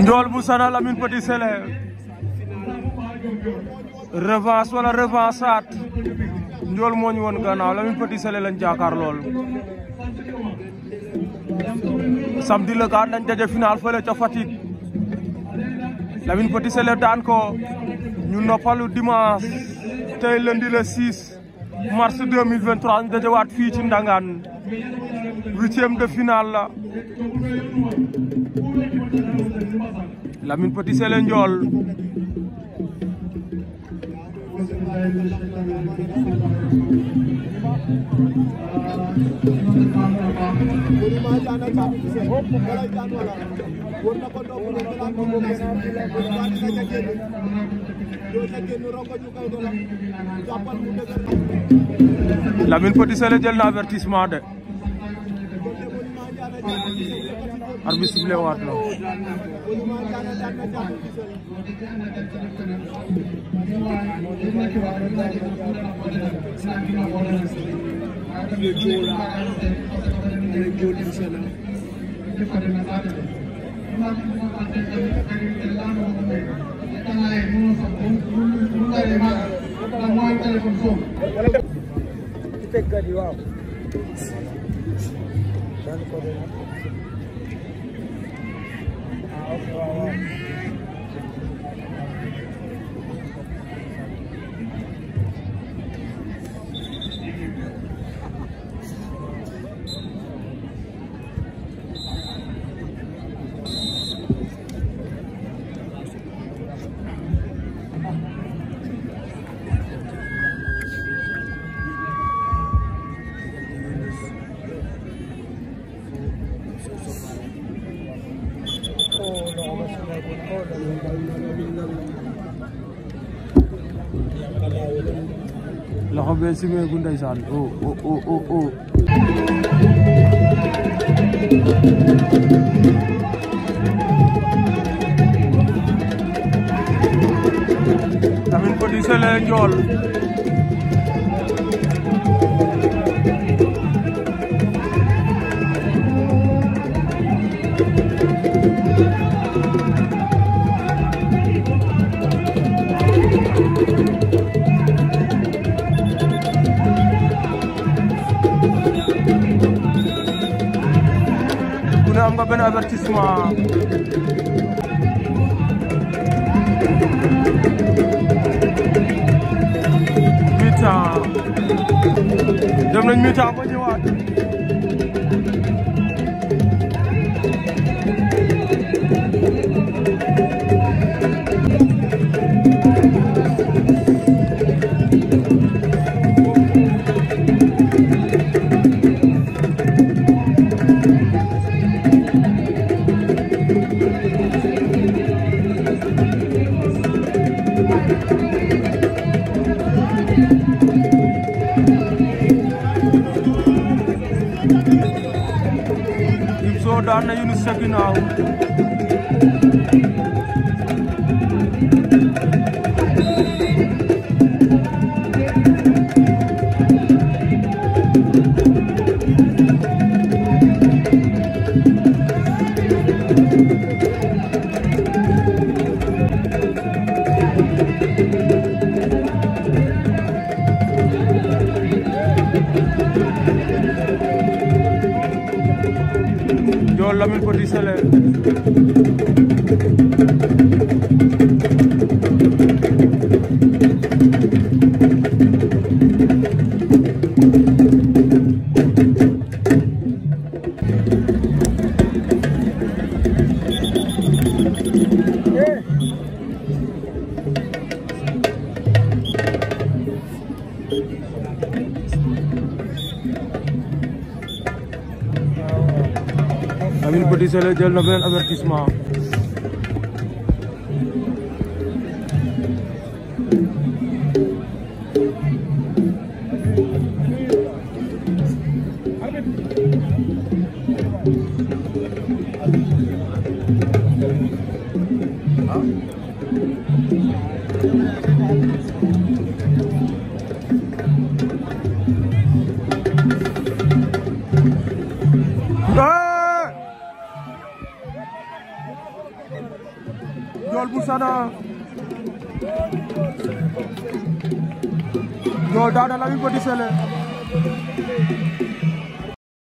Ndiol bu Sana Lamine Petit Sélé revanche wala revanchaat Ndiol moo ñu woon gannaaw la Petit Sélé lañ jaakaar lool samedi le kaan dañ daje final fële ca Fatick Lamine Petit Sélé daan ko ñu noppalu dimanche tey lundi le 6 vingt 2023 ñu dajewaat fii ci Ndangane huitième de finale la Lamine Petit Sélé Ndiol Lamine Petit Sélé jël na avertissement de arbi sible waat na Thank you. Done for loxo bee simeeku ndeysaan o o o o tamit production la njool benn avertissement mi-temps dem nañ mi-temps ba ñëwaat daan na Younouss ca ginnaaw Kullanmayı polisler. Amine Petit Sélé jël na benn avertissement Ndiol bu Sana Ndiol daana Lamin Petit Sélé